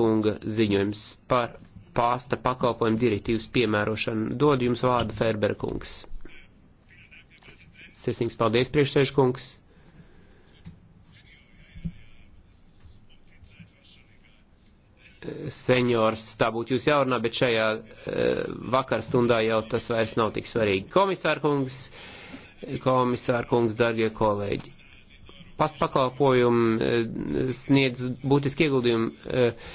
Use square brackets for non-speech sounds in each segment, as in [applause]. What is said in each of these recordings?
kunga ziņojums par pāsta pakalpojumu direktīvas piemērošanu. Dod jums vārdu Ferberkungs. Sirsnīgs paldies, priekšsēžkungs. Senjors, tā būtu jūs jaunā, bet šajā eh, vakarstundā jau tas vairs nav tik svarīgi. Komisārkungs, komisārkungs, dargie kolēģi, pastpakalpojumi eh, sniedz būtiski ieguldījumu eh,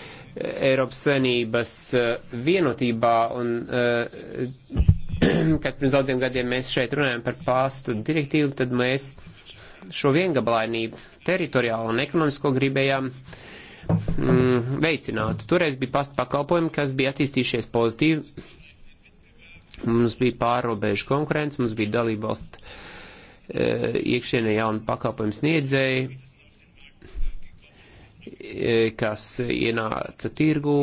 Eiropas senības eh, vienotībā un [clears throat] kad pirms daudziem gadiem mēs šeit runājam par pasta direktīvu, tad mēs šo viengabalainību teritoriālo un ekonomisko gribējām mm, veicināt. Toreiz bija pasta pakalpojumi, kas bija attīstījušies pozitīvi. Mums bija pārobežu konkurence, mums bija dalībvalsts Eh, iekšienē jauni pakalpojumu sniedzēji, eh, kas ienāca tirgu,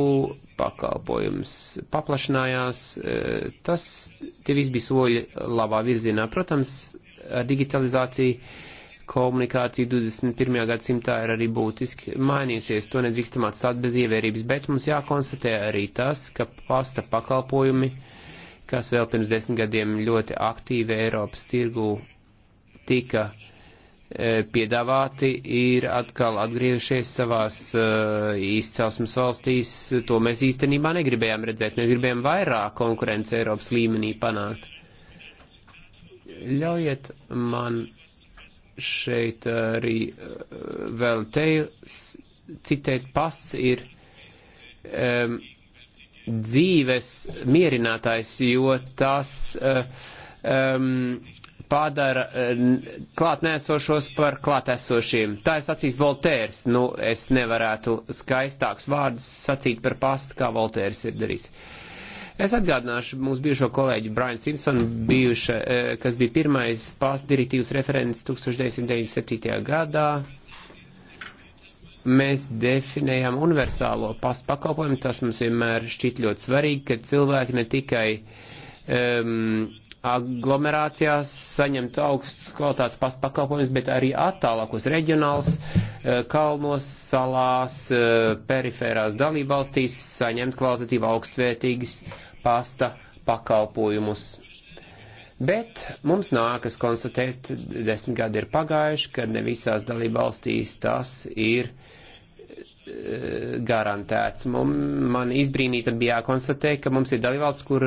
pakalpojums paplašinājās. Eh, tas tie viss bija soļi labā virzienā. Protams, ar digitalizāciju komunikācija 21. gadsimtā ir arī būtiski mainījusies. To nedrīkstam atstāt bez ievērības, bet mums jākonstatē arī tas, ka pasta pakalpojumi kas vēl pirms desmit gadiem ļoti aktīvi Eiropas tirgu tika e, piedāvāti, ir atkal atgriežies savās e, izcelsmes valstīs. To mēs īstenībā negribējām redzēt. Mēs gribējām vairāk konkurence Eiropas līmenī panākt. Ļaujiet man šeit arī e, vēl te citēt, pasts ir um, dzīves mierinātājs, jo tas um, padara eh, klāt nēsošos par klāt esošiem. Tā es sacīs Voltērs, nu es nevarētu skaistāks vārdus sacīt par pastu, kā Voltērs ir darījis. Es atgādināšu mūsu bijušo kolēģi Brian Simpson, bijuša, eh, kas bija pirmais pasta direktīvas referents 1997. gadā. Mēs definējām universālo pastu pakalpojumu, tas mums vienmēr šķiet ļoti svarīgi, ka cilvēki ne tikai um, aglomerācijās saņemt augstas kvalitātes pakalpojumus, bet arī attālākos reģionāls, e, kalnos, salās, e, perifērās dalībvalstīs saņemt kvalitatīvi augstvērtīgas pasta pakalpojumus. Bet mums nākas konstatēt, desmit gadi ir pagājuši, kad ne visās dalībvalstīs tas ir uh, Eh, garantēts. Mum, man izbrīnītam bija jākonstatē, ka mums ir dalībvalsts, kur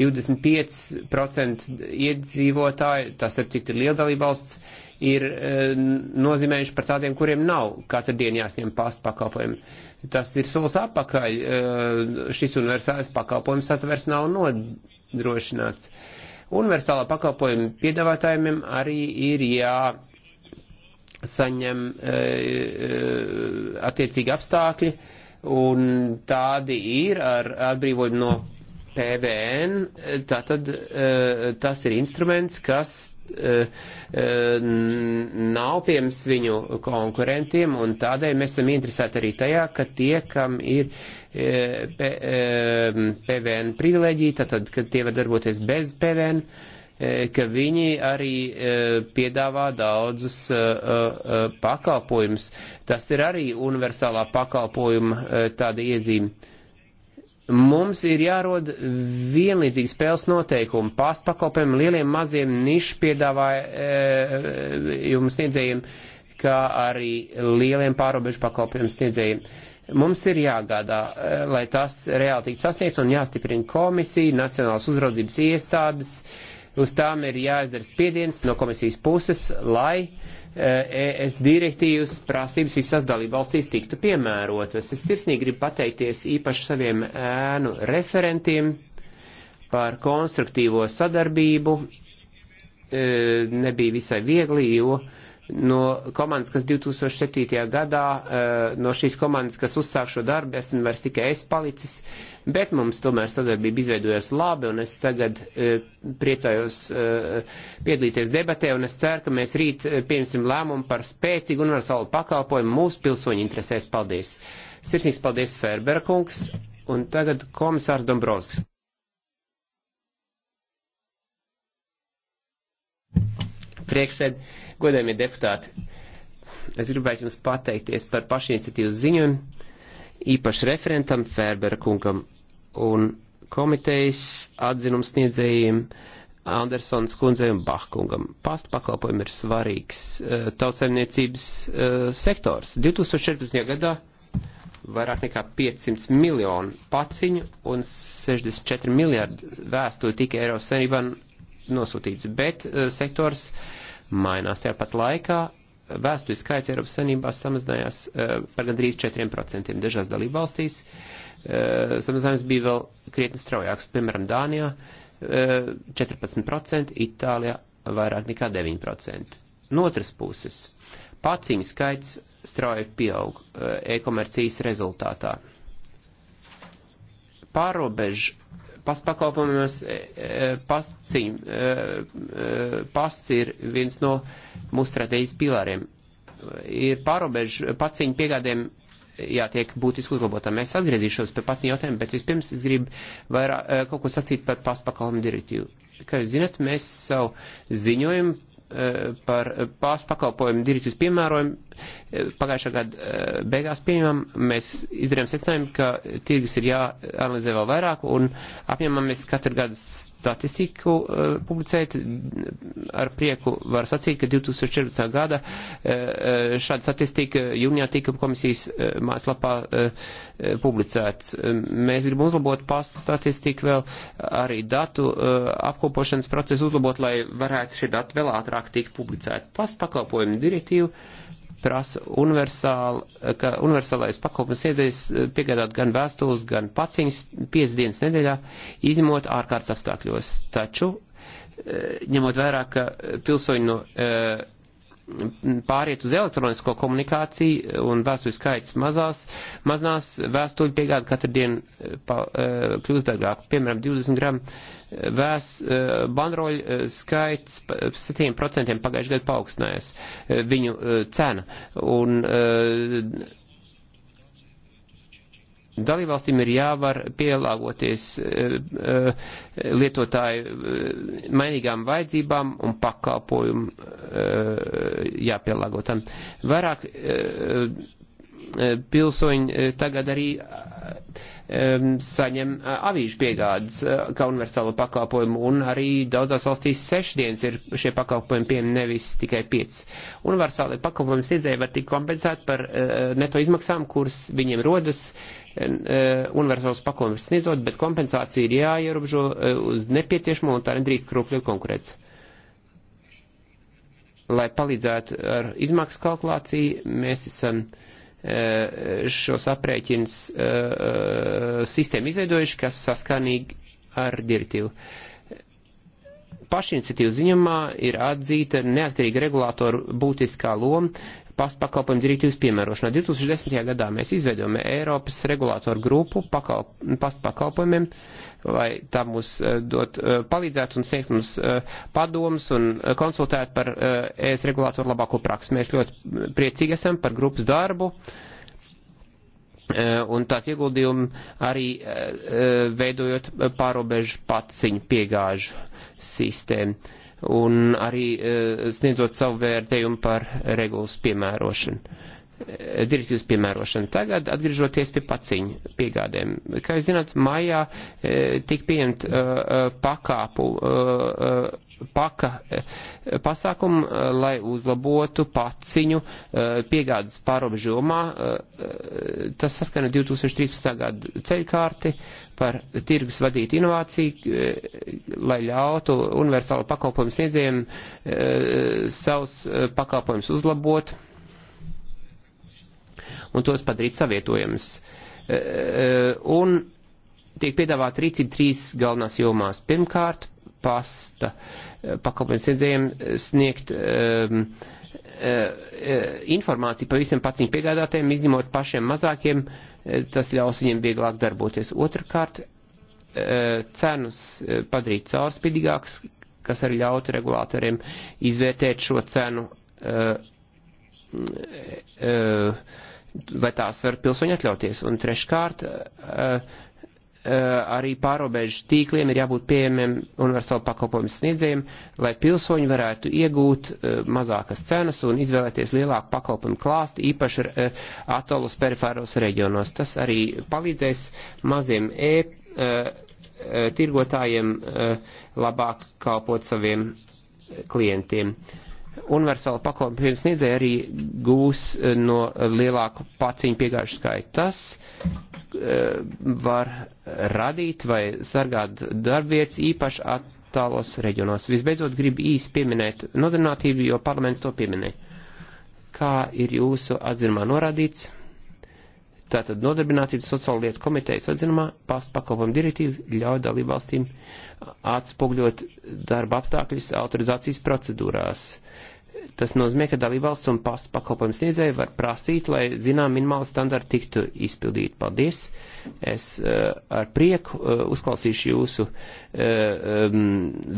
25% eh, iedzīvotāji, tas ir cik ir liela dalībvalsts, ir eh, nozīmējuši par tādiem, kuriem nav katru dienu jāsņem pastu pakalpojumu. Tas ir solis apakaļ. Šis universālais pakalpojums atvers nav nodrošināts. Universālā pakalpojuma piedāvātājiem arī ir jā. Ja saņem e, e, attiecīgi apstākļi, un tādi ir ar atbrīvojumu no PVN, tātad e, tas ir instruments, kas e, e nav piems viņu konkurentiem, un tādēļ mēs esam interesēti arī tajā, ka tie, kam ir e, PVN privileģija, tātad, ka tie var darboties bez PVN, E, ka viņi arī e, piedāvā daudzus e, pakalpojumus. Tas ir arī universālā pakalpojuma tāda iezīme. Mums ir jārod vienlīdzīgi spēles noteikumi pārpakalpojumiem, lieliem, maziem nišu piedāvājumu sniedzējiem, kā arī lieliem pārobežu pakalpojumu sniedzējiem mums ir jāgādā, lai tas reāli tiktu sasniegts un jāstiprina komisija, nacionālas uzraudzības iestādes, uh, Uz tām ir jāizdara spiediens no komisijas puses, lai ES eh, e direktīvas prasības visās dalībvalstīs tiktu piemērotas. Es sirsnīgi gribu pateikties īpaši saviem ēnu referentiem par konstruktīvo sadarbību. Eh, nebija visai viegli, jo uh, no komandas, kas 2007. gadā, eh, no šīs komandas, kas uzsāk šo darbu, esmu vairs tikai es palicis, bet mums tomēr sadarbība izveidojas labi, un es tagad eh, priecājos eh, piedalīties debatē, un es ceru, ka mēs rīt pieņemsim lēmumu par spēcīgu universālu pakalpojumu mūsu pilsoņu interesēs. Paldies! Sirsnīgs paldies, Ferbera kungs, un tagad komisārs Dombrovskis. Priekšsēd Godējumie deputāti, es gribētu jums pateikties par pašiniciatīvu ziņojumu, īpaši referentam Ferbera kungam un komitejas atzinums sniedzējiem Andersons kundzei un Bahkungam. Pastu pakalpojumi ir svarīgs eh, tautsēmniecības eh, sektors. 2014. gadā vairāk nekā 500 miljonu paciņu un 64 miljardu vēstuli tika Eiropas Savienībā nosūtīts, bet eh, sektors uh, mainās. Tāpat laikā vēstuļu skaits Eiropas Savienībā samazinājās uh, par gandrīz 4%. Dažās dalībvalstīs uh, samazinājums bija vēl krietni straujāks, piemēram, Dānijā uh, eh, 14%, Itālijā vairāk nekā 9%. No otras puses, paciņu skaits strauji pieaug e-komercijas rezultātā. Pārobežu pas pakalpojumos e, e, pascīm, e, pasts ir viens no mūsu strateģijas pilāriem. Ir pārobežu paciņu piegādēm jātiek būtiski uzlabotam. Es atgriezīšos pie paciņu jautājumu, bet vispirms es gribu vairāk kaut ko sacīt par paspakalpojumu direktīvu. Kā jūs zinat, mēs savu ziņojumu par pārspakalpojumu direktīvas piemērojumu pagājušā gada eh, beigās pieņemam, mēs izdarījām secinājumu, ka tirgus ir jāanalizē vēl vairāk un apņemamies katru gadu statistiku eh, publicēt. Ar prieku var sacīt, ka 2014. gada eh, šāda statistika jūnijā tika komisijas mājaslapā publicēts. Mēs gribam uzlabot pastu statistiku vēl arī datu apkopošanas procesu uzlabot, lai varētu šie dati vēl ātrāk tikt publicēti. Pastu pakalpojumu direktīvu prasa universāli, ka universālais pakalpojums iedzējas eh, piegādāt gan vēstules, gan paciņas 5 dienas nedēļā, izņemot ārkārtas apstākļos. Taču, eh, ņemot vērā, ka pilsoņi no eh, pāriet uz elektronisko komunikāciju un vēstuļu skaits mazās, maznās vēstuļu piegāda katru dienu eh, pa, eh, kļūst dārgāk. Piemēram, 20 gramu eh, vēs bandroļu skaits 7% pagājušajā gadā paaugstinājās viņu cena. Un, Dalībvalstīm ir jāvar pielāgoties eh, eh, lietotāju eh, mainīgām vajadzībām un pakalpojumu jāpielāgotam. Vairāk pilsoņi tagad arī saņem avīžu piegādes kā universālo pakalpojumu, un arī daudzās valstīs sešdienas ir šie pakalpojumi pieejami nevis tikai piec. Universālajie pakalpojumi sniedzēji var tik kompensēt par neto izmaksām, kuras viņiem rodas Uh, universāls pakalpojums sniedzot, bet kompensācija ir jāierobežo uh, uz nepieciešamo un tā nedrīkst krūpļu konkurēts. Lai palīdzētu ar izmaksu kalkulāciju, mēs esam uh, šos aprēķins sistēmu izveidojuši, kas saskanīgi ar direktīvu pašiniciatīvas ziņamā ir atzīta neatkarīga regulātora būtiskā loma, pakalpojumu direktīvas piemērošanā. 2010. gadā mēs izveidojam Eiropas regulātoru grupu pakalp, pakalpojumiem, lai tā mums eh, dot, eh, palīdzētu un sniegt mums eh, padomus un konsultētu par ES regulātoru labāko praksi. Mēs ļoti priecīgi esam par grupas darbu un tās ieguldījumi arī veidojot pārobežu paciņu piegāžu sistēmu un arī eh, sniedzot savu vērtējumu par regulas piemērošanu direktīvas piemērošanu. Tagad atgriežoties pie paciņu piegādēm. Kā jūs zināt, maijā e, tika pieņemt e, e, pakāpu, paka pasākumu, lai uzlabotu paciņu piegādes pārobežomā. Tas saskana 2013. gada ceļkārti par tirgus vadītu inovāciju, lai ļautu universālu pakalpojumu sniedzējiem savus pakalpojumus uzlabot un tos padarīt savietojamus. E, e, un tiek piedāvāta rīcība trīs galvenās jomās. Pirmkārt, pasta e, pakalpojums iedzējiem sniegt um, informāciju par visiem paciņu piegādātājiem, izņemot pašiem mazākiem, tas ļaus viņiem vieglāk darboties. Otrakārt, cenus padarīt caurspīdīgāks, kas arī ļautu regulātoriem izvērtēt šo cenu uh, uh, vai tās var pilsoņi atļauties. Un treškārt, eh, eh, arī pārobežu tīkliem ir jābūt pieejamiem universālu pakalpojumu sniedzējiem, lai pilsoņi varētu iegūt eh, mazākas cenas un izvēlēties lielāku pakalpojumu klāstu, īpaši atolus perifēros reģionos. Tas arī palīdzēs maziem e tirgotājiem labāk kalpot saviem klientiem. Uh, universāla pakalpojuma sniedzēja arī gūs eh, no eh, lielāku paciņu piegājušu skaitu. Tas eh, var radīt vai sargāt darbvietas īpaši attālos reģionos. Visbeidzot, gribu īsi pieminēt nodarbinātību, jo parlaments to pieminēja. Kā ir jūsu atzinumā norādīts? Tātad nodarbinātības sociāla lieta komitejas atzinumā pasta pakalpojumu direktīva ļauj dalībvalstīm atspogļot darba apstākļus autorizācijas procedūrās. Uh, Tas nozīmē, ka dalībvalsts un pastu pakalpojumu sniedzēji var prasīt, lai zinām minimāli standarti tiktu izpildīti. Paldies! Es uh, ar prieku uh, uzklausīšu jūsu uh, um,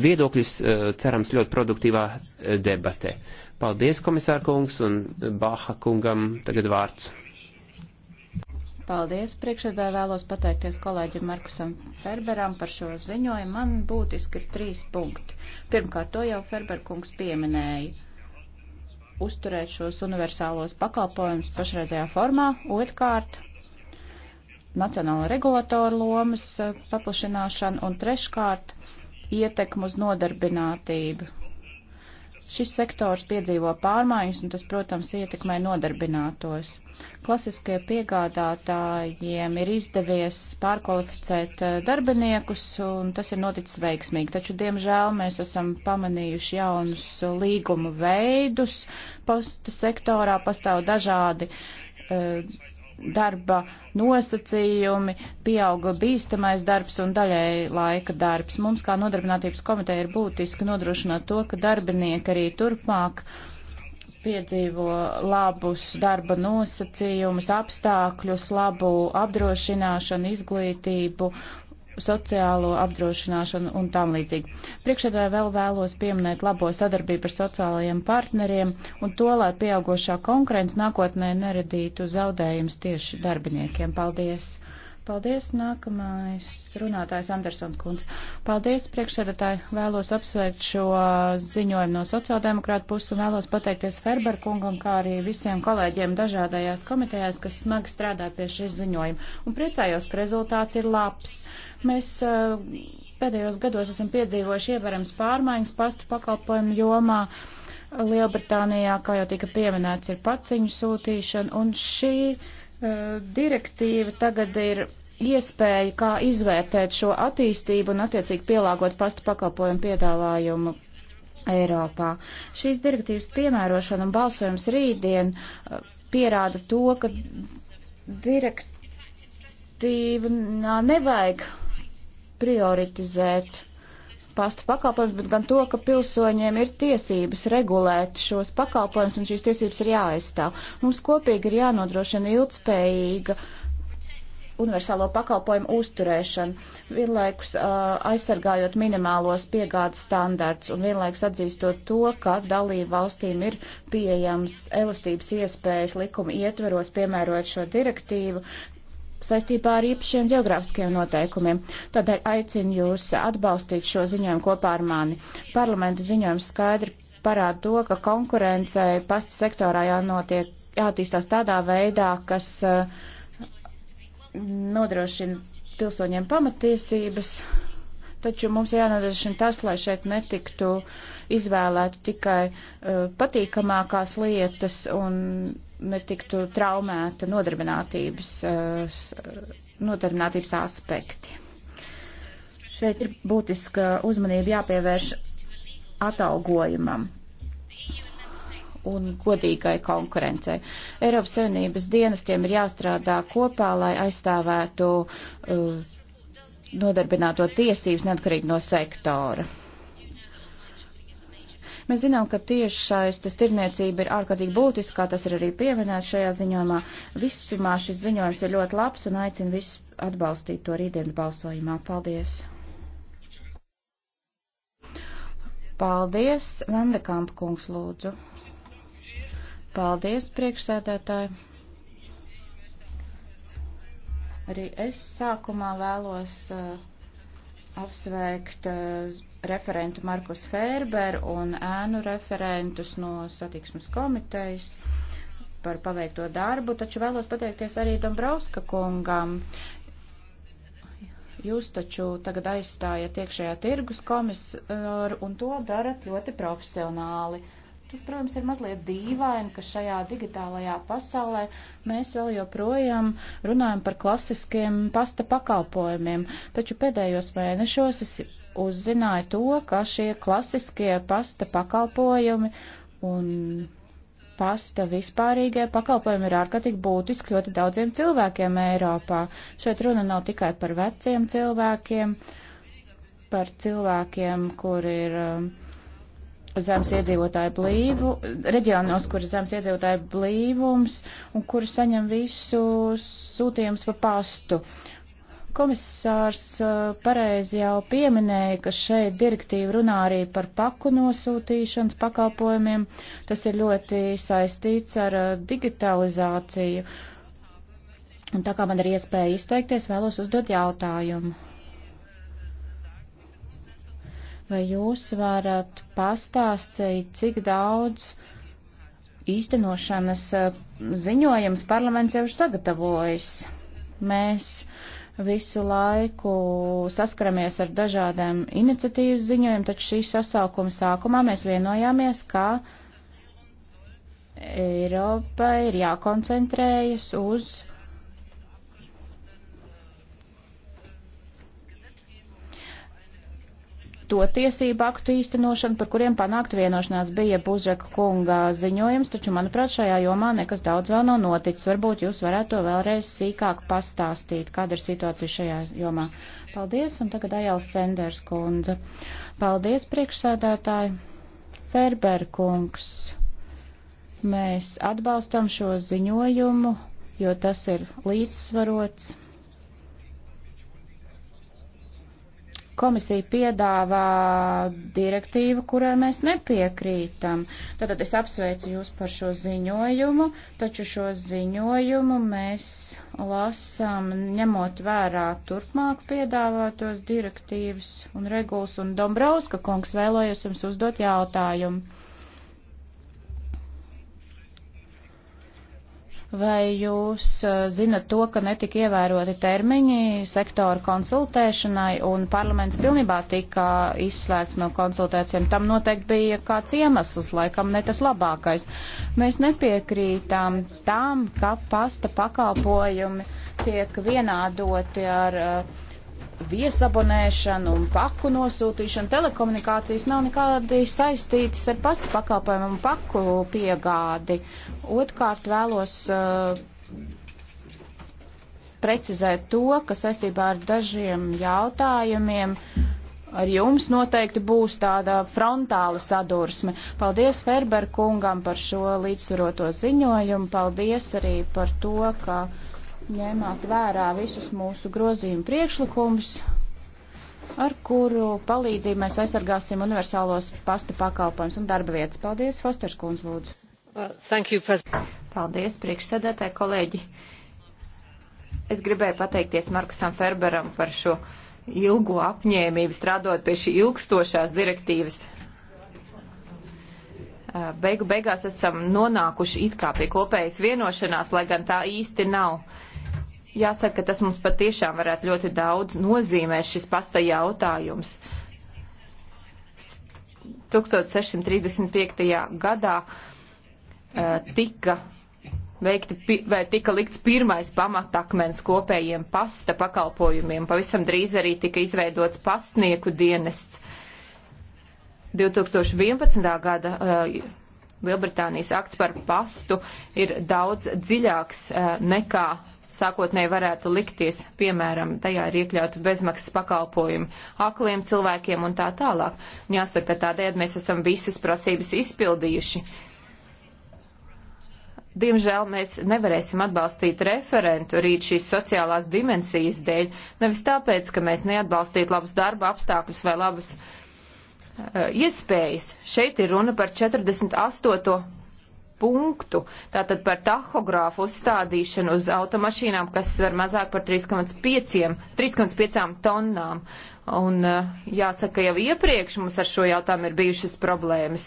viedokļus, uh, cerams, ļoti produktīvā uh, debatē. Paldies, komisārkungs un Baha kungam tagad vārds. Paldies! Priekšsēdē vēlos pateikties kolēģim Markusam Ferberam par šo ziņojumu. Man būtiski ir trīs punkti. Pirmkārt, to jau Ferberkungs pieminēja uzturēt šos universālos pakalpojumus pašreizējā formā. Otrkārt, nacionāla regulatora lomas eh, paplašināšana un treškārt, ietekmu uz nodarbinātību Šis sektors piedzīvo pārmaiņas, un tas, protams, ietekmē nodarbinātos. Klasiskie piegādātājiem ir izdevies pārkvalificēt eh, darbiniekus, un tas ir noticis veiksmīgi. Taču, diemžēl, mēs esam pamanījuši jaunus līgumu veidus. Posta sektorā pastāv dažādi uh, darba nosacījumi, pieauga bīstamais darbs un daļēji laika darbs. Mums kā nodarbinātības komiteja ir būtiski nodrošināt to, ka darbinieki arī turpmāk piedzīvo labus darba nosacījumus, apstākļus, labu apdrošināšanu, izglītību sociālo apdrošināšanu un tam līdzīgi. Priekšēdāju vēl vēlos pieminēt labo sadarbību ar sociālajiem partneriem un to, lai pieaugošā konkurence nākotnē neradītu zaudējums tieši darbiniekiem. Paldies! Paldies, nākamais runātājs Andersons kundze. Paldies, priekšsēdētāji. Vēlos apsvērt šo ziņojumu no sociāldemokrāta puses un vēlos pateikties Ferber kungam, kā arī visiem kolēģiem dažādajās komitejās, kas smagi strādā pie šis ziņojuma. Un priecājos, ka rezultāts ir labs. Uh, Mēs eh, pēdējos gados esam piedzīvojuši ievērams pārmaiņas pastu pakalpojumu jomā. Lielbritānijā, kā jau tika pieminēts, ir paciņu sūtīšana, un šī uh, direktīva tagad ir iespēja, kā izvērtēt šo attīstību un attiecīgi pielāgot pastu pakalpojumu piedāvājumu Eiropā. Šīs direktīvas piemērošana un balsojums rītdien eh, pierāda to, ka direktīva nevajag prioritizēt pasta pakalpojums, bet gan to, ka pilsoņiem ir tiesības regulēt šos pakalpojumus un šīs tiesības ir jāaizstāv. Mums kopīgi ir jānodrošina ilgspējīga universālo pakalpojumu uzturēšanu, vienlaikus uh, aizsargājot minimālos piegādes standarts un vienlaikus atzīstot to, ka dalību valstīm ir pieejams elastības iespējas likuma ietveros piemērot šo direktīvu, saistībā ar īpašiem geogrāfiskajiem noteikumiem. Tādēļ aicinu jūs atbalstīt šo ziņojumu kopā ar mani. Parlamenta ziņojums skaidri parāda to, ka konkurencei pasta sektorā jānotiek, jātīstās tādā veidā, kas eh, nodrošina pilsoņiem pamatiesības, taču mums jānodrošina tas, lai šeit netiktu izvēlēti tikai eh, patīkamākās lietas un netiktu traumēta nodarbinātības, eh, nodarbinātības aspekti. Šeit ir būtiska uzmanība jāpievērš atalgojumam un godīgai konkurencei. Eiropas Savienības dienestiem ir jāstrādā kopā, lai aizstāvētu uh, nodarbināto tiesības neatkarīgi no sektora. Mēs zinām, ka tiešsaistes tirniecība ir ārkārtīgi būtiskā, tas ir arī pieminēts šajā ziņojumā. Vispirmā šis ziņojums ir ļoti labs un aicinu visus atbalstīt to rītdienas balsojumā. Paldies! Paldies, Vandekamp kungs lūdzu. Paldies, priekšsēdētāji. Arī es sākumā vēlos uh, apsveikt uh, referentu Markus Ferberu un ēnu referentus no satiksmes komitejas par paveikto darbu, taču vēlos pateikties arī Dombrovska kungam. Jūs taču tagad aizstājat iekšējā tirgus komisāru un to darat ļoti profesionāli. Tur, protams, ir mazliet dīvaini, ka šajā digitālajā pasaulē mēs vēl joprojām runājam par klasiskiem pasta pakalpojumiem, taču pēdējos mēnešos es uzzināja to, ka šie klasiskie pasta pakalpojumi un pasta vispārīgie pakalpojumi ir ārkārtīgi būtiski ļoti daudziem cilvēkiem Eiropā. Šeit runa nav tikai par veciem cilvēkiem, par cilvēkiem, kur ir um, zemes iedzīvotāju blīvu, reģionos, kur ir zemes iedzīvotāju blīvums un kur saņem visu sūtījumus pa pastu. Uh, Komisārs eh, pareizi jau pieminēja, ka šeit direktīva runā arī par paku nosūtīšanas pakalpojumiem. Tas ir ļoti saistīts ar eh, digitalizāciju. Un tā kā man ir iespēja izteikties, vēlos uzdot jautājumu. Vai jūs varat pastāstīt, cik daudz īstenošanas eh, ziņojums parlaments jau ir sagatavojis? Mēs uh, visu laiku saskaramies ar dažādām iniciatīvas ziņojumiem, taču šī sasaukuma sākumā mēs vienojāmies, ka Eiropai ir jākoncentrējas uz to tiesību aktu īstenošanu, par kuriem panākt vienošanās bija Buzeka kunga ziņojums, taču, manuprāt, šajā jomā nekas daudz vēl nav noticis. Varbūt jūs varētu to vēlreiz sīkāk pastāstīt, kāda ir situācija šajā jomā. Paldies, un tagad Ajāls Senders kundze. Paldies, priekšsēdētāji. Ferber kungs. Mēs atbalstam šo ziņojumu, jo tas ir līdzsvarots Komisija piedāvā direktīvu, kurai mēs nepiekrītam. Tātad es apsveicu jūs par šo ziņojumu, taču šo ziņojumu mēs lasām ņemot vērā turpmāk piedāvātos direktīvas un regulas, un Dombrovska kungs vēlējos jums uzdot jautājumu. Vai jūs uh, zinat to, ka netika ievēroti termiņi sektoru konsultēšanai un parlaments pilnībā tika izslēgts no konsultācijām? Tam noteikti bija kāds iemesls, laikam ne tas labākais. Mēs nepiekrītām tam, ka pasta pakalpojumi tiek vienādoti ar uh, viesabonēšanu un paku nosūtīšanu. Telekomunikācijas nav nekādi saistītas ar pastu pakalpojumu un paku piegādi. Otkārt vēlos uh, precizēt to, ka saistībā ar dažiem jautājumiem ar jums noteikti būs tāda frontāla sadursme. Paldies Ferber kungam par šo līdzsvaroto ziņojumu. Paldies arī par to, ka ņēmāt vērā visus mūsu grozījumu priekšlikumus, ar kuru palīdzību mēs aizsargāsim universālos pasta pakalpojumus un darba vietas. Paldies, Fosters Kunz, lūdzu. Uh, you, president. Paldies, priekšsēdētāji kolēģi. Es gribēju pateikties Markusam Ferberam par šo ilgu apņēmību strādot pie šī ilgstošās direktīvas beigu beigās esam nonākuši it kā pie kopējas vienošanās, lai gan tā īsti nav. Jāsaka, ka tas mums patiešām varētu ļoti daudz nozīmēt šis pasta jautājums. 1635. gadā uh, tika veikti, vai tika likts pirmais pamatakmens kopējiem pasta pakalpojumiem. Pavisam drīz arī tika izveidots pastnieku dienests. 2011. gada uh, Lielbritānijas akts par pastu ir daudz dziļāks uh, nekā sākotnēji varētu likties, piemēram, tajā ir iekļauti bezmaksas pakalpojumi akliem cilvēkiem un tā tālāk. Un jāsaka, ka tādēļ mēs esam visas prasības izpildījuši. Diemžēl mēs nevarēsim atbalstīt referentu rīt šīs sociālās dimensijas dēļ, nevis tāpēc, ka mēs neatbalstītu labus darba apstākļus vai labus uh, iespējas. Šeit ir runa par 48 punktu, tātad par tahogrāfu uzstādīšanu uz automašīnām, kas var mazāk par 3,5 tonnām. Un eh, jāsaka, jau iepriekš mums ar šo jautājumu ir bijušas problēmas.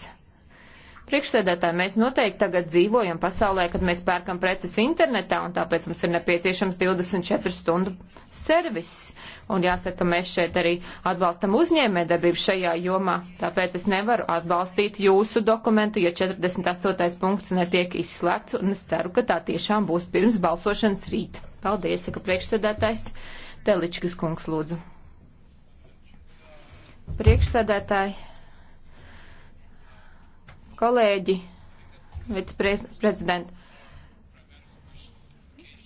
Priekšsēdētāji, mēs noteikti tagad dzīvojam pasaulē, kad mēs pērkam preces internetā, un tāpēc mums ir nepieciešams 24 stundu servis. Un jāsaka, ka mēs šeit arī atbalstam uzņēmējdarbību šajā jomā, tāpēc es nevaru atbalstīt jūsu dokumentu, jo 48. punkts netiek izslēgts, un es ceru, ka tā tiešām būs pirms balsošanas rīt. Paldies, saka priekšsēdētājs Teličkas kungs, lūdzu. Priekšsēdētāji kolēģi, viceprezidents.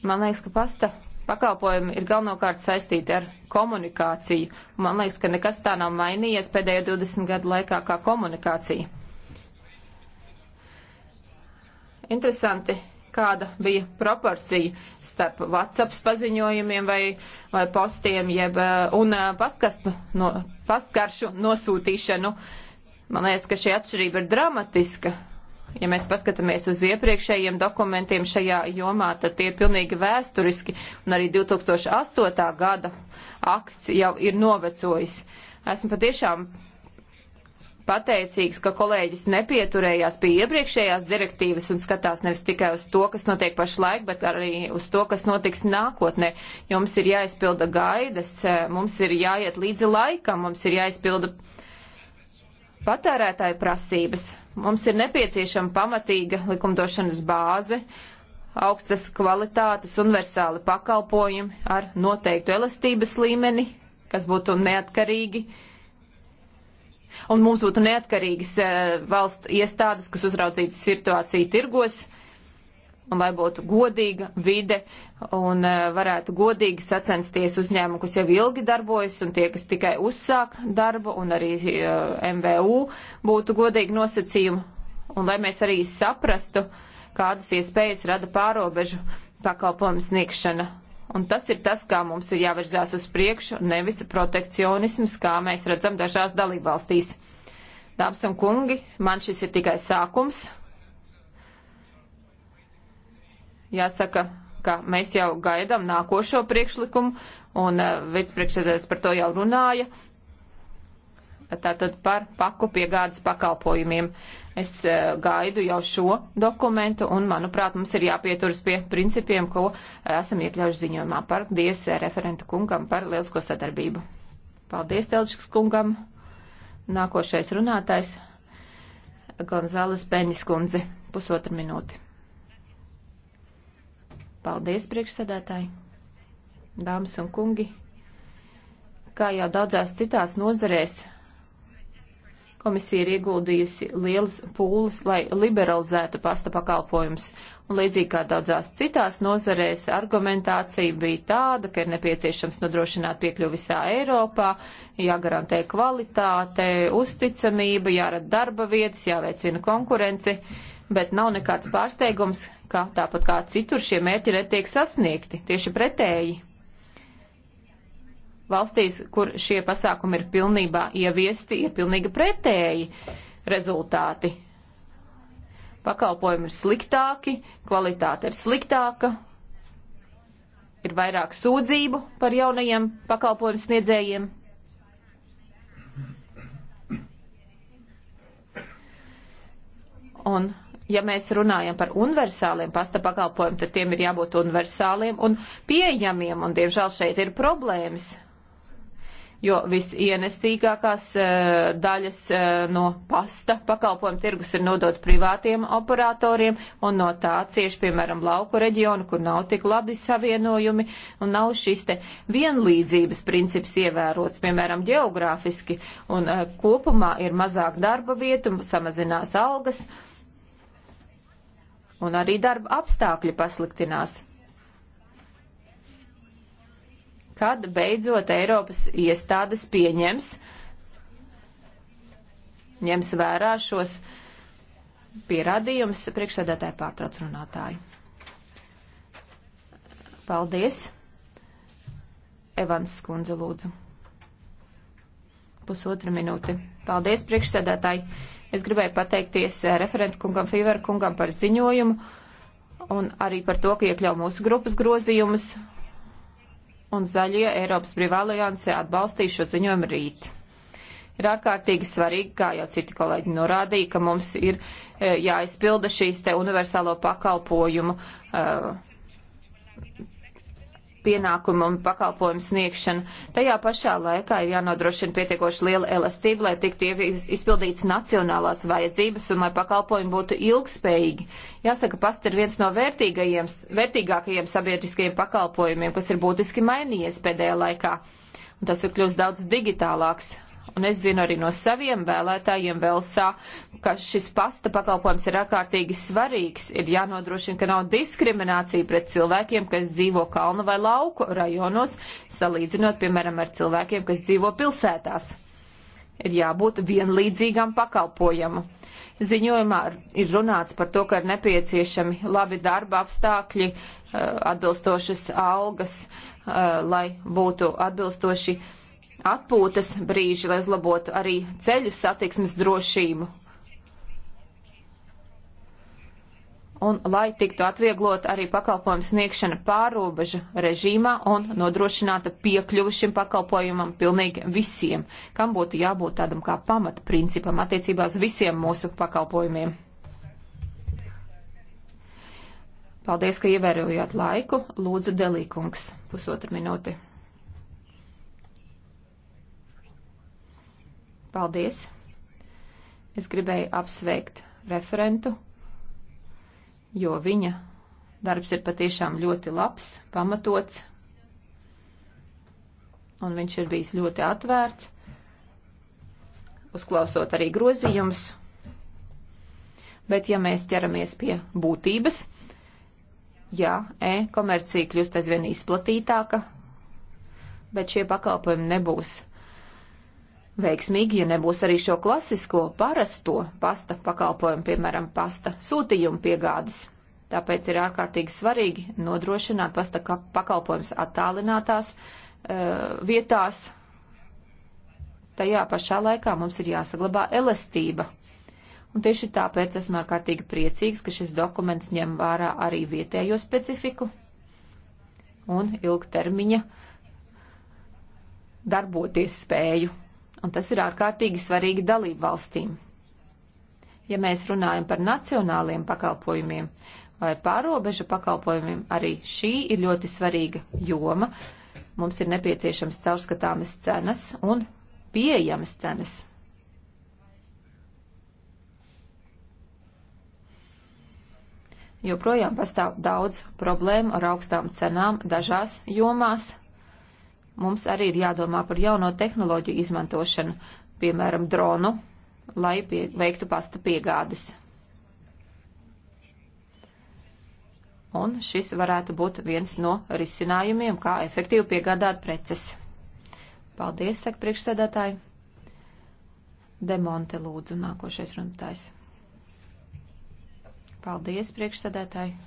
Man liekas, ka pasta pakalpojumi ir galvenokārt saistīti ar komunikāciju. Man liekas, ka nekas tā nav mainījies pēdējo 20 gadu laikā kā komunikācija. Interesanti, kāda bija proporcija starp WhatsApp paziņojumiem vai, vai postiem jeb, uh, un uh, pastkastu, no, pastkaršu nosūtīšanu. Uh, Man liekas, ka šī atšķirība ir dramatiska. Ja mēs paskatāmies uz iepriekšējiem dokumentiem šajā jomā, tad tie ir pilnīgi vēsturiski, un arī 2008. gada akts jau ir novecojis. Esmu patiešām pateicīgs, ka kolēģis nepieturējās pie iepriekšējās direktīvas un skatās nevis tikai uz to, kas notiek pašlaik, bet arī uz to, kas notiks nākotnē. Jums ir jāizpilda gaidas, mums ir jāiet līdzi laikam, mums ir jāizpilda patērētāju prasības. Mums ir nepieciešama pamatīga likumdošanas bāze, augstas kvalitātes universāli pakalpojumi ar noteiktu elastības līmeni, kas būtu neatkarīgi. Un mums būtu neatkarīgas eh, valstu iestādes, kas uzraudzītu situāciju tirgos, un lai būtu godīga vide un e, varētu godīgi sacensties uzņēmumu, kas jau ilgi darbojas un tie, kas tikai uzsāk darbu un arī e, MVU būtu godīgi nosacījumi un lai mēs arī saprastu, kādas iespējas rada pārobežu pakalpojumu sniegšana. Un tas ir tas, kā mums ir jāvirzās uz priekšu, nevis protekcionisms, kā mēs redzam dažās dalībvalstīs. Dāmas un kungi, man šis ir tikai sākums jāsaka, ka mēs jau gaidām nākošo priekšlikumu, un uh, vicepriekšsēdētājs par to jau runāja. Tātad par paku piegādes pakalpojumiem. Es uh, gaidu jau šo dokumentu, un, manuprāt, mums ir jāpieturas pie principiem, ko eh, esam iekļaujuši ziņojumā par DSE referenta kungam par lielisko sadarbību. Paldies, Telčiks kungam. Nākošais runātājs Gonzales Peņas kundze. Pusotra minūte. Paldies, priekšsēdētāji, dāmas un kungi. Kā jau daudzās citās nozarēs, komisija ir ieguldījusi lielas pūles, lai liberalizētu pasta pakalpojumus. Un līdzīgi kā daudzās citās nozarēs, argumentācija bija tāda, ka ir nepieciešams nodrošināt piekļuvi visā Eiropā, jāgarantē kvalitāte, uzticamība, jārada darba vietas, jāveicina konkurence. Uh, bet nav nekāds pārsteigums, ka tāpat kā citur šie mērķi netiek sasniegti, tieši pretēji. Valstīs, kur šie pasākumi ir pilnībā ieviesti, ir pilnīgi pretēji rezultāti. Pakalpojumi ir sliktāki, kvalitāte ir sliktāka, ir vairāk sūdzību par jaunajiem pakalpojumu sniedzējiem. Un ja mēs runājam par universāliem pasta pakalpojumiem, tad tiem ir jābūt universāliem un pieejamiem, un diemžēl šeit ir problēmas, jo visienestīgākās eh, daļas eh, no pasta pakalpojumu tirgus ir nodot privātiem operatoriem, un no tā cieši, piemēram, lauku reģionu, kur nav tik labi savienojumi, un nav šis te vienlīdzības princips ievērots, piemēram, geogrāfiski, un eh, kopumā ir mazāk darba vietu, samazinās algas. Uh, un arī darba apstākļi pasliktinās. Kad beidzot Eiropas iestādes pieņems, ņems vērā šos pierādījumus, priekšsēdētāji pārtrauc runātāju. Paldies! Evans Skundze lūdzu. Pusotra minūte. Paldies, priekšsēdētāji! Es gribēju pateikties eh, referentu kungam Fīveru kungam par ziņojumu un arī par to, ka iekļauj mūsu grupas grozījumus. Un zaļie Eiropas brīvā alianse atbalstīs šo ziņojumu rīt. Ir ārkārtīgi svarīgi, kā jau citi kolēģi norādīja, ka mums ir eh, jāizpilda šīs te universālo pakalpojumu uh, pienākumu un pakalpojumu sniegšanu. Tajā pašā laikā ir jānodrošina pietiekoši liela elastība, lai tiktu izpildīts nacionālās vajadzības un lai pakalpojumi būtu ilgspējīgi. Jāsaka, pasta ir viens no vērtīgākajiem sabiedriskajiem pakalpojumiem, kas ir būtiski mainījies pēdējā laikā. Un tas ir kļūst daudz digitālāks, un es zinu arī no saviem vēlētājiem Velsā, ka šis pasta pakalpojums ir ārkārtīgi svarīgs. Ir jānodrošina, ka nav diskriminācija pret cilvēkiem, kas dzīvo kalnu vai lauku rajonos, salīdzinot, piemēram, ar cilvēkiem, kas dzīvo pilsētās. Ir jābūt vienlīdzīgam pakalpojumam. Ziņojumā ir runāts par to, ka ir nepieciešami labi darba apstākļi, eh, atbilstošas algas, eh, lai būtu atbilstoši uh, atpūtas brīži, lai uzlabotu arī ceļu satiksmes drošību. Un lai tiktu atvieglot arī pakalpojumu sniegšana pārobežu režīmā un nodrošināta piekļuva šim pakalpojumam pilnīgi visiem, kam būtu jābūt tādam kā pamata principam attiecībā uz visiem mūsu pakalpojumiem. Paldies, ka ievērojāt laiku. Lūdzu, Delīkungs, pusotra minūte. Paldies! Es gribēju apsveikt referentu, jo viņa darbs ir patiešām ļoti labs, pamatots, un viņš ir bijis ļoti atvērts, uzklausot arī grozījumus. Bet, ja mēs ķeramies pie būtības, jā, e-komercija kļūst aizvien izplatītāka, bet šie pakalpojumi nebūs veiksmīgi, ja nebūs arī šo klasisko, parasto pasta pakalpojumu, piemēram, pasta sūtījumu piegādes. Tāpēc ir ārkārtīgi svarīgi nodrošināt pasta pakalpojums attālinātās uh, vietās. Tajā pašā laikā mums ir jāsaglabā elastība. Un tieši tāpēc esmu ārkārtīgi priecīgs, ka šis dokuments ņem vērā arī vietējo specifiku un ilgtermiņa darboties spēju un tas ir ārkārtīgi svarīgi dalību valstīm. Ja mēs runājam par nacionāliem pakalpojumiem vai pārobežu pakalpojumiem, arī šī ir ļoti svarīga joma. Mums ir nepieciešams caurskatāmas cenas un pieejamas cenas. Joprojām pastāv daudz problēmu ar augstām cenām dažās jomās, mums arī ir jādomā par jauno tehnoloģiju izmantošanu, piemēram, dronu, lai pie, veiktu pasta piegādes. Un šis varētu būt viens no risinājumiem, kā efektīvi piegādāt preces. Paldies, saka priekšsēdētāji. Demonte lūdzu nākošais runātājs. Paldies, priekšsēdētāji.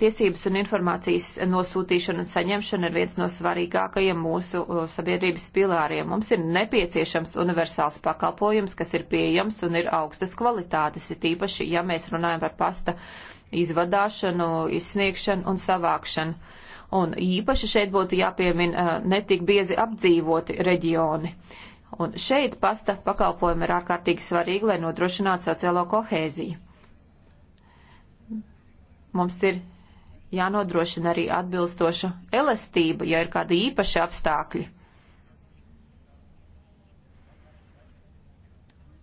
Tiesības un informācijas nosūtīšana un saņemšana ir viens no svarīgākajiem mūsu sabiedrības pilāriem. Mums ir nepieciešams universāls pakalpojums, kas ir pieejams un ir augstas kvalitātes, ir tīpaši, ja mēs runājam par pasta izvadāšanu, izsniegšanu un savākšanu. Un īpaši šeit būtu jāpiemina netik biezi apdzīvoti reģioni. Un šeit pasta pakalpojumi ir ārkārtīgi svarīgi, lai nodrošinātu sociālo kohēziju. Mums ir jānodrošina arī atbilstoša elastība, ja ir kādi īpaši apstākļi.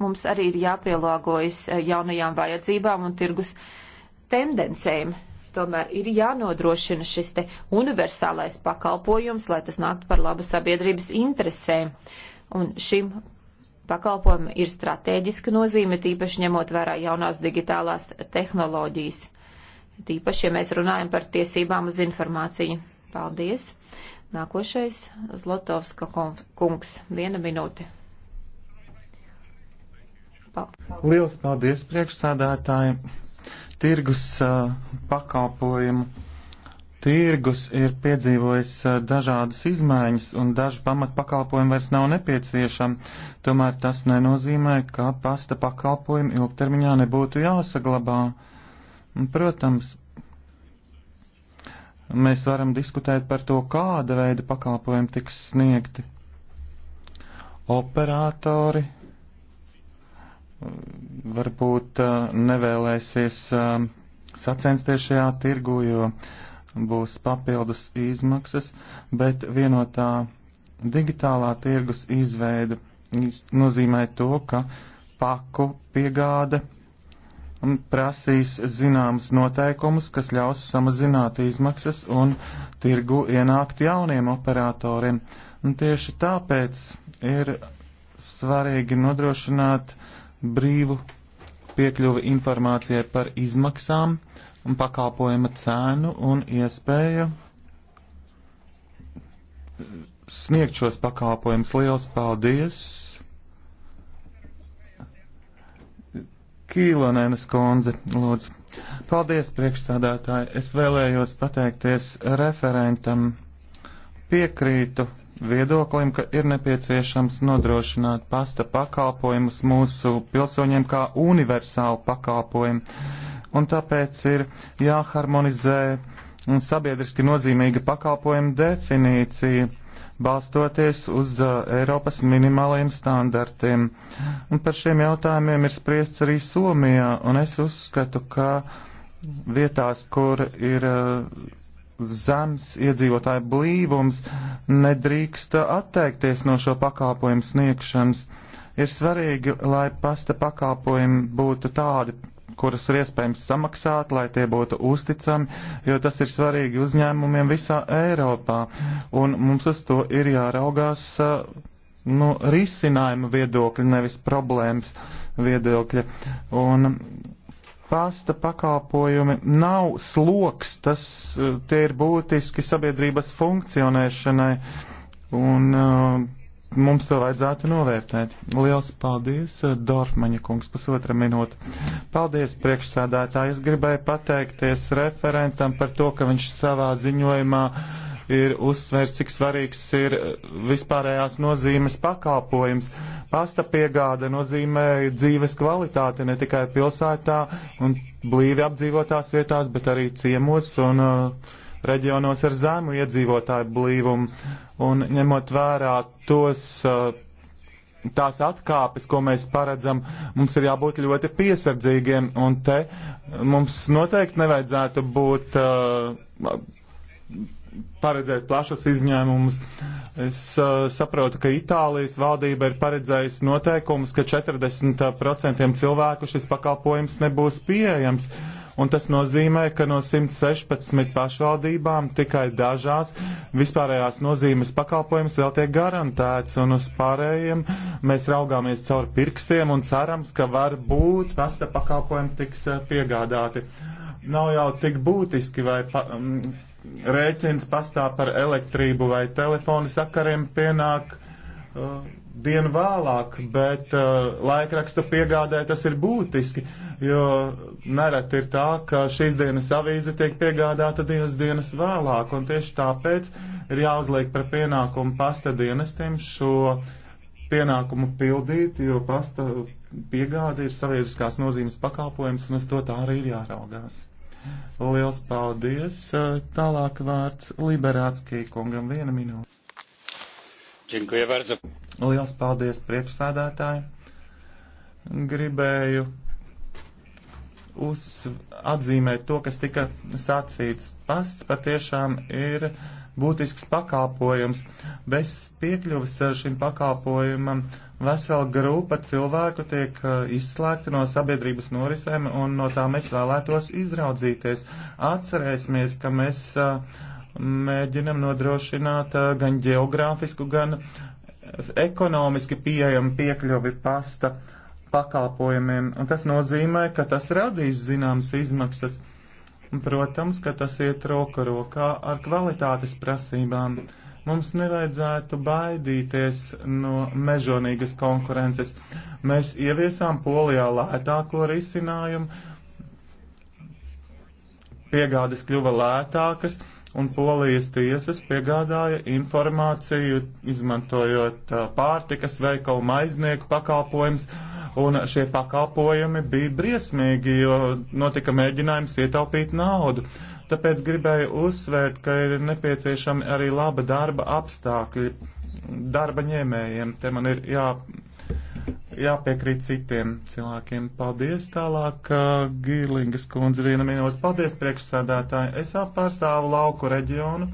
Mums arī ir jāpielāgojas eh, jaunajām vajadzībām un tirgus tendencēm. Tomēr ir jānodrošina šis te universālais pakalpojums, lai tas nāktu par labu sabiedrības interesēm. Un šim pakalpojumam ir strateģiska nozīme, tīpaši ņemot vērā jaunās digitālās tehnoloģijas. Tīpaši, ja mēs runājam par tiesībām uz informāciju. Paldies! Nākošais Zlotovska kungs. Viena minūte. Paldies. Liels paldies priekšsādātājiem. Tirgus uh, pakalpojumu. Tirgus ir piedzīvojis uh, dažādas izmaiņas un daži pamatpakalpojumi vairs nav nepieciešami. Tomēr tas nenozīmē, ka pasta pakalpojumi ilgtermiņā nebūtu jāsaglabā. Uh, Protams, mēs varam diskutēt par to, kāda veida pakalpojumi tiks sniegti. Operatori mm, varbūt uh, nevēlēsies uh, sacensties šajā tirgu, jo būs papildus izmaksas, bet vienotā digitālā tirgus izveida nozīmē to, ka paku piegāde un prasīs zināmas noteikumus, kas ļaus samazināt izmaksas un tirgu ienākt jauniem operatoriem. Un tieši tāpēc ir svarīgi nodrošināt brīvu piekļuvi informācijai par izmaksām un pakalpojuma cēnu un iespēju sniegt šos pakalpojumus. Liels paldies! Kīlonēnas kundze, lūdzu. Paldies, priekšsādātāji. Es vēlējos pateikties referentam. Piekrītu viedoklim, ka ir nepieciešams nodrošināt pasta pakalpojumus mūsu pilsoņiem kā universālu pakalpojumu, un tāpēc ir jāharmonizē sabiedriski nozīmīga pakalpojuma definīcija balstoties uz uh, Eiropas minimālajiem standartiem. Un par šiem jautājumiem ir spriests arī Somijā, un es uzskatu, ka vietās, kur ir uh, zems iedzīvotāju blīvums, nedrīkst atteikties no šo pakalpojumu sniegšanas. Ir svarīgi, lai pasta pakalpojumi būtu tādi, kuras ir iespējams samaksāt, lai tie būtu uzticami, jo tas ir svarīgi uzņēmumiem visā Eiropā. Un mums uz to ir jāraugās nu, risinājuma viedokļa, nevis problēmas viedokļa. Un pasta pakalpojumi nav sloks, tas tie ir būtiski sabiedrības funkcionēšanai. Un, uh, mums to vajadzētu novērtēt. Liels paldies, eh, Dorfmaņa kungs, pusotra minūte. Paldies, priekšsādātāji. Es gribēju pateikties referentam par to, ka viņš savā ziņojumā ir uzsvērts, cik svarīgs ir eh, vispārējās nozīmes pakalpojums. Pasta piegāde nozīmē dzīves kvalitāti ne tikai pilsētā un blīvi apdzīvotās vietās, bet arī ciemos un uh, reģionos ar zemu iedzīvotāju blīvumu. Un ņemot vērā tos, uh, tās atkāpes, ko mēs paredzam, mums ir jābūt ļoti piesardzīgiem. Un te mums noteikti nevajadzētu būt. Uh, paredzēt plašas izņēmumus. Es uh, saprotu, ka Itālijas valdība ir paredzējusi noteikumus, ka 40% uh, cilvēku šis pakalpojums nebūs pieejams. Uh, un tas nozīmē, ka no 116 pašvaldībām tikai dažās vispārējās nozīmes pakalpojums vēl tiek garantēts, un uz pārējiem mēs raugāmies caur pirkstiem un cerams, ka varbūt pasta pakalpojumi tiks eh, piegādāti. Nav jau tik būtiski, vai. Pa, um, Rēķins pastāv par elektrību vai telefonu sakariem pienāk uh, dienu vēlāk, bet uh, laikraksta piegādē tas ir būtiski, jo nereti ir tā, ka šīs dienas avīze tiek piegādāta divas dienas vēlāk, un tieši tāpēc ir jāuzliek par pienākumu pasta dienestiem šo pienākumu pildīt, jo pasta piegāde ir sabiedriskās nozīmes pakalpojums, un uz to tā arī ir jāraugās. Liels paldies! Tālāk vārds Liberāts Kīkungam viena minūte. Liels paldies, priekšsādātāji! Gribēju uz, atzīmēt to, kas tika sacīts. Pasts patiešām ir būtisks pakalpojums. Bez piekļuvas šim pakalpojumam vesela grupa cilvēku tiek eh, izslēgta no sabiedrības norisēm, un no tā mēs vēlētos izraudzīties. Atcerēsimies, ka mēs uh, mēģinam nodrošināt gan geogrāfisku, gan ekonomiski pieejamu piekļuvi pasta pakalpojumiem, kas nozīmē, ka tas radīs zināmas izmaksas. Protams, ka tas iet roka rokā ar kvalitātes prasībām. Mums nevajadzētu baidīties no mežonīgas konkurences. Mēs ieviesām polijā lētāko risinājumu, piegādes kļuva lētākas, un polijas tiesas piegādāja informāciju, izmantojot pārtikas veikalu maiznieku pakalpojums, un šie pakalpojumi bija briesmīgi, jo notika mēģinājums ietaupīt naudu. Tāpēc gribēju uzsvērt, ka ir nepieciešami arī laba darba apstākļi darba ņēmējiem. Te man ir jā jāpiekrīt citiem cilvēkiem. Paldies tālāk, uh, Gīrlingas kundze, viena minūte. Paldies priekšsādātāji. Es pārstāvu lauku reģionu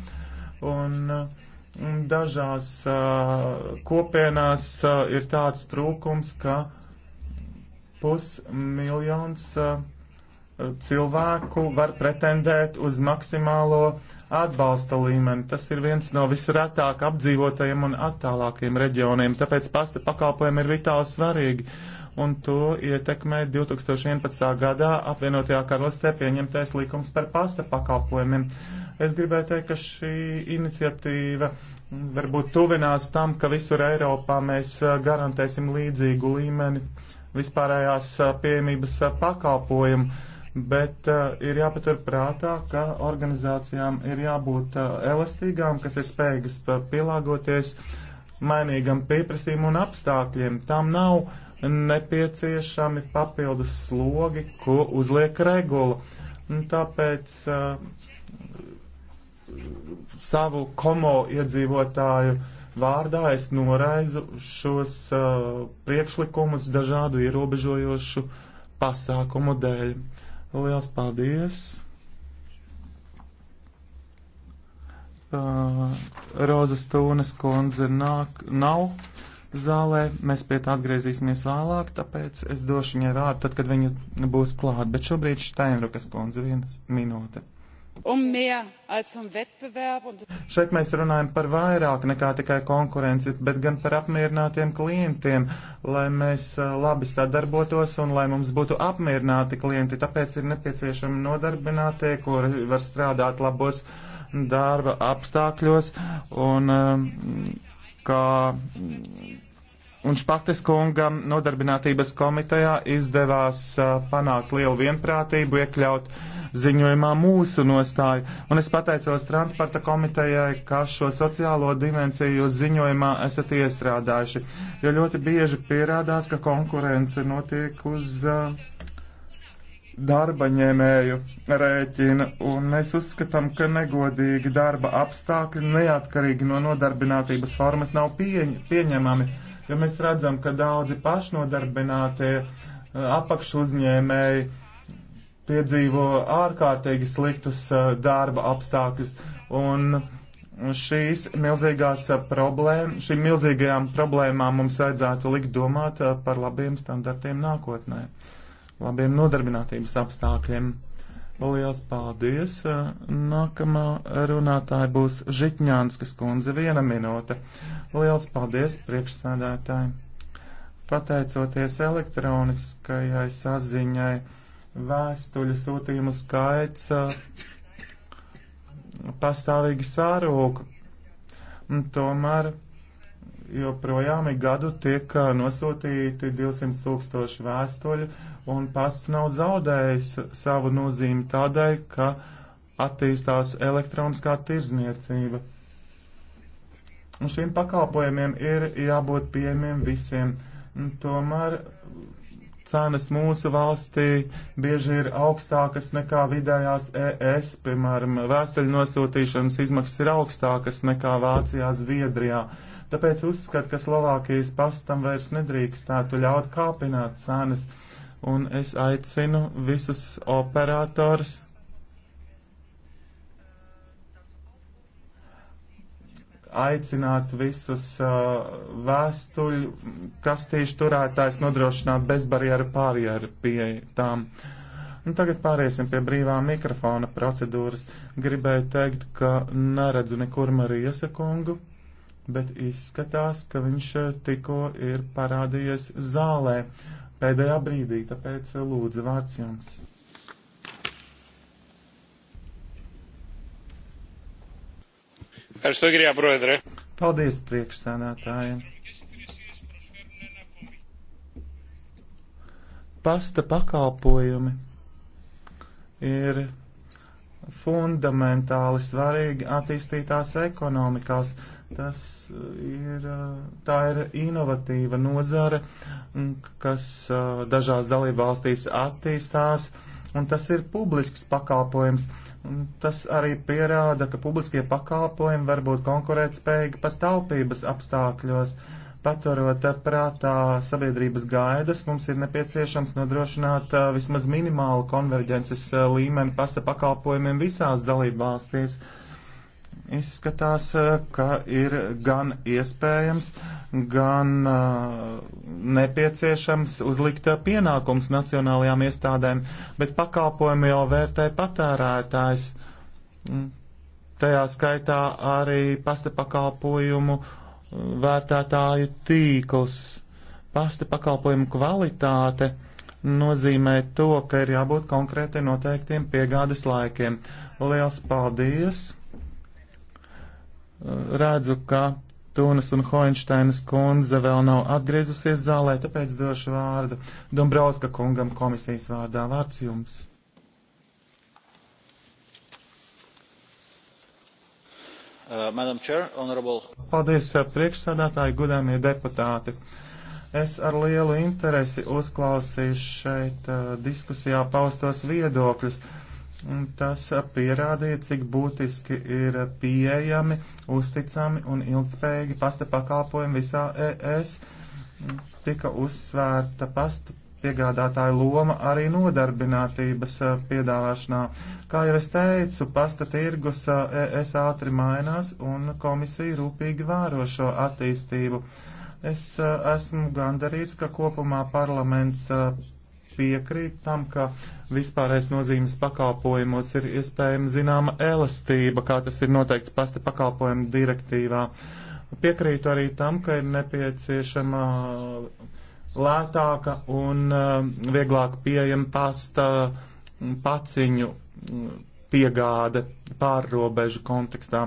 un uh, dažās uh, kopienās ir tāds trūkums, ka pusmiljons cilvēku var pretendēt uz maksimālo uh, atbalsta līmeni. Tas ir viens no visretāk apdzīvotajiem un attālākiem reģioniem, tāpēc pasta pakalpojumi ir vitāli svarīgi. Un to ietekmē 2011. gadā apvienotajā karalistē pieņemtais likums par pasta pakalpojumiem. Es gribēju teikt, ka šī iniciatīva varbūt tuvinās tam, ka visur Eiropā mēs uh, garantēsim līdzīgu līmeni vispārējās uh, pieejamības uh, pakalpojumu bet uh, ir jāpatur prātā, ka organizācijām ir jābūt uh, elastīgām, kas ir spējīgas pielāgoties mainīgam pieprasījumam un apstākļiem. Tam nav nepieciešami papildus slogi, ko uzliek regula. Un tāpēc uh, savu komo iedzīvotāju vārdā es noraizu šos uh, priekšlikumus dažādu ierobežojošu pasākumu dēļ. Uh, Liels paldies! Uh, Rozas Tūnes kundze nāk, nav zālē, mēs pie tā atgriezīsimies vēlāk, tāpēc es došu viņai vārdu tad, kad viņa būs klāt, bet šobrīd Steinrukas kundze vienas minūte. Um Šeit mēs runājam par vairāk nekā tikai konkurenci, bet gan par apmierinātiem klientiem, lai mēs labi sadarbotos un lai mums būtu apmierināti klienti. Tāpēc ir nepieciešami nodarbinātie, kuri var strādāt labos darba apstākļos un kā Un Špaktes kungam nodarbinātības komitejā izdevās uh, panākt lielu vienprātību, iekļaut ziņojumā mūsu nostāju. Un es pateicos transporta komitejai, ka šo sociālo dimensiju ziņojumā esat iestrādājuši, jo ļoti bieži pierādās, ka konkurence notiek uz uh, darba ņēmēju rēķina. Un mēs uzskatām, ka negodīgi darba apstākļi neatkarīgi no nodarbinātības formas nav pieņ pieņemami Ja mēs redzam, ka daudzi pašnodarbinātie eh, apakšu uzņēmēji piedzīvo ārkārtīgi sliktus eh, darba apstākļus un šīs milzīgās eh, problēmas, šīm milzīgajām problēmām mums vajadzētu likt domāt par labiem standartiem nākotnē, labiem nodarbinātības apstākļiem. Lielas paldies! Nākamā runātāja būs Žitņānskas kundze. Viena minūte. Lielas paldies priekšsādātāji! Pateicoties elektroniskajai saziņai, vēstuļu sūtījumu skaits eh, pastāvīgi sārūk. Tomēr joprojām ik gadu tiek eh, nosūtīti 200 tūkstoši vēstuļu, un pasts nav zaudējis savu nozīmi tādēļ, ka attīstās elektroniskā tirzniecība. Un šiem pakalpojumiem ir jābūt pieejamiem visiem. Un tomēr cenas mūsu valstī bieži ir augstākas nekā vidējās ES, piemēram, vēstuļu nosūtīšanas izmaksas ir augstākas nekā Vācijā, Zviedrijā. Tāpēc uzskat, ka Slovākijas pastam vairs nedrīkstētu ļaut kāpināt cenas. Uh, un es aicinu visus operators aicināt visus uh, vēstuļu kastīšu turētājs nodrošināt bezbarjeru pārjeru pie tām. Un tagad pāriesim pie brīvā mikrofona procedūras. Gribēju teikt, ka neredzu nekur Marijas kungu, bet izskatās, ka viņš uh, tikko ir parādījies zālē pēdējā brīdī, tāpēc eh, lūdzu vārds jums. Ευχαριστώ κυρία Πρόεδρε. Paldies priekšsēdētājiem. Pasta pakalpojumi ir fundamentāli svarīgi attīstītās ekonomikās. Tas uh, ir, uh, tā ir inovatīva nozara, kas uh, dažās dalībvalstīs attīstās, un tas ir publisks pakalpojums. Tas arī pierāda, ka publiskie pakalpojumi var būt konkurētspējīgi pat taupības apstākļos. Paturot prātā sabiedrības gaidas, mums ir nepieciešams nodrošināt vismaz minimālu konverģences līmeni pasta pakalpojumiem visās dalībvalstīs. valstīs Izskatās, eh, ka ir gan iespējams, gan eh, nepieciešams uzlikt eh, pienākums nacionālajām iestādēm, bet pakalpojumi jau vērtē patērētājs. Mm. Tajā skaitā arī pasta pakalpojumu vērtētāju tīkls. Pasta pakalpojumu kvalitāte nozīmē to, ka ir jābūt konkrēti noteiktiem piegādes laikiem. Liels paldies! redzu, ka Tūnas un Hoinšteinas kundze vēl nav atgriezusies zālē, tāpēc došu vārdu Dombrovska kungam komisijas vārdā. Vārds jums! Uh, Chair, honorable... Paldies, uh, priekšsādātāji, gudāmie deputāti! Es ar lielu interesi uzklausīju šeit uh, diskusijā paustos viedokļus. Uh, Tas pierādīja, cik būtiski ir pieejami, uzticami un ilgspējīgi pasta pakalpojumi visā ES. Tika uzsvērta pasta piegādātāja loma arī nodarbinātības eh, piedāvāšanā. Kā jau es teicu, pasta tirgus ES eh, e ātri mainās un komisija rūpīgi vēro šo attīstību. Es eh, esmu gandarīts, ka kopumā parlaments piekrīt tam, ka vispārējais nozīmes pakalpojumos ir iespējama zināma elastība, kā tas ir noteikts pasta pakalpojumu direktīvā. Piekrītu arī tam, ka ir nepieciešama lētāka un um, vieglāk pieejama pasta mm, paciņu mm, piegāde pārrobežu kontekstā.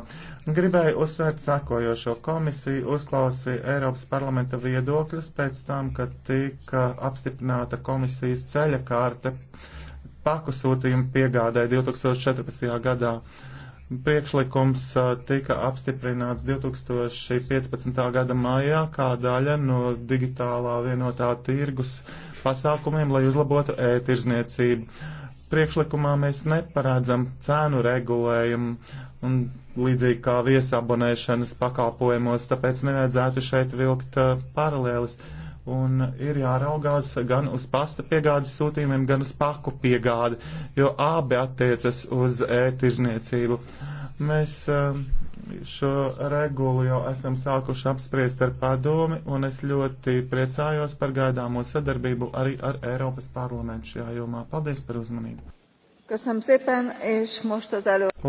Gribēju uzsvērt sakojošo komisiju, uzklausīja Eiropas parlamenta viedokļus pēc tam, kad tika apstiprināta komisijas ceļa kārte pakusūtījumu piegādē 2014. gadā. Priekšlikums tika apstiprināts 2015. gada maijā kā daļa no digitālā vienotā tirgus pasākumiem, lai uzlabotu e-tirzniecību priekšlikumā mēs neparedzam cenu regulējumu un līdzīgi kā viesabonēšanas pakalpojumos, tāpēc nevajadzētu šeit vilkt uh, paralēlis. Un ir jāraugās gan uz pasta piegādes sūtījumiem, gan uz paku piegādi, jo abi attiecas uz ētirzniecību. E mēs uh, šo regulu jau esam sākuši apspriest ar padomi, un es ļoti priecājos par gaidāmo sadarbību arī ar Eiropas parlamentu šajā jomā. Paldies par uzmanību!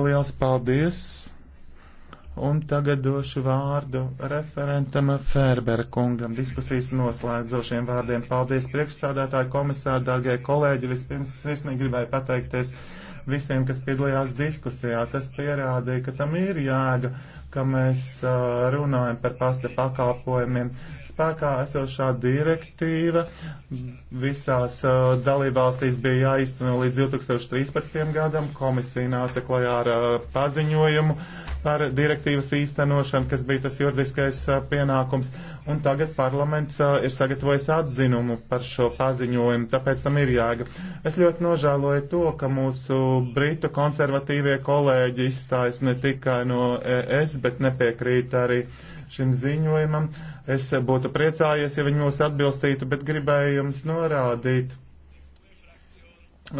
Lielas paldies! Un tagad došu vārdu referentam Fērbera kungam diskusijas noslēdzošiem vārdiem. Paldies priekšsādātāju komisāru, dārgie kolēģi! Vispirms sirsnīgi gribēju pateikties visiem, kas piedalījās diskusijā. Tas pierādīja, ka tam ir jēga ka mēs runājam par pasta pakalpojumiem. Spēkā esošā direktīva visās dalībvalstīs bija jāizteno līdz 2013. gadam. Komisija nāca klajā ar paziņojumu par direktīvas īstenošanu, kas bija tas juridiskais pienākums. Un tagad parlaments ir sagatavojis atzinumu par šo paziņojumu, tāpēc tam ir jāga. Es ļoti nožēloju to, ka mūsu britu konservatīvie kolēģi izstājas ne tikai no ES, bet nepiekrīt arī šim ziņojumam. Es būtu priecājies, ja viņi mūs atbilstītu, bet gribēju jums norādīt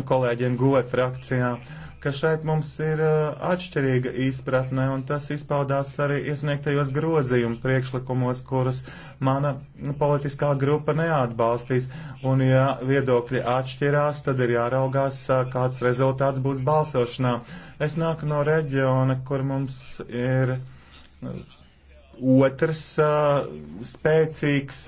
kolēģiem GUE frakcijā, ka šeit mums ir uh, atšķirīga izpratne, un tas izpaudās arī iesniegtajos grozījumu priekšlikumos, kurus mana politiskā grupa neatbalstīs. Un, ja viedokļi atšķirās, tad ir jāraugās, uh, kāds rezultāts būs balsošanā. Es nāku no reģiona, kur mums ir Otrs spēcīgs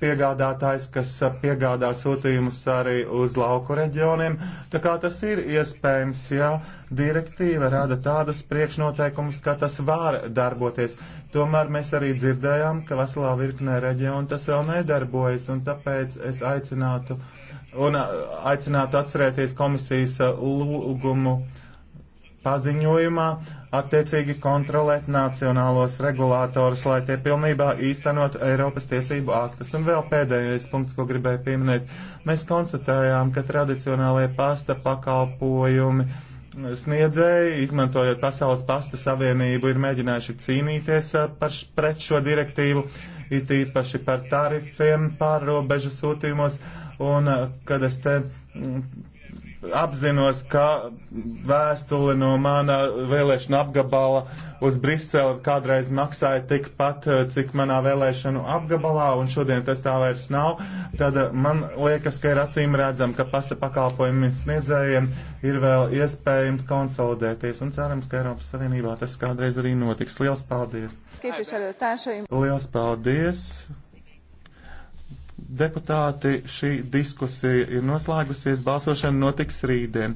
piegādātājs, kas piegādā sūtījumus arī uz lauku reģioniem. Tā kā tas ir iespējams, ja direktīva rada tādas priekšnoteikumus, ka tas var darboties. Tomēr mēs arī dzirdējām, ka veselā virknē reģionu tas vēl nedarbojas, un tāpēc es aicinātu, un aicinātu atcerēties komisijas lūgumu paziņojumā attiecīgi kontrolēt nacionālos regulātorus, lai tie pilnībā īstenot Eiropas tiesību aktus. Un vēl pēdējais punkts, ko gribēju pieminēt. Mēs konstatējām, ka tradicionālajie pasta pakalpojumi sniedzēji, izmantojot Pasaules pasta savienību, ir mēģinājuši cīnīties par, pret šo direktīvu, it īpaši par tarifiem pārrobežu sūtījumos. Un kad es te apzinos, ka vēstule no mana vēlēšana apgabala uz Briseli kādreiz maksāja tikpat, eh, cik manā vēlēšanu apgabalā, un šodien tas tā vairs nav, tad eh, man liekas, ka ir acīm redzam, ka pasta pakalpojumi sniedzējiem ir vēl iespējams konsolidēties, un cerams, ka Eiropas Savienībā tas kādreiz arī notiks. Liels paldies! Liels paldies! deputāti, šī diskusija ir noslēgusies, balsošana notiks rītdien.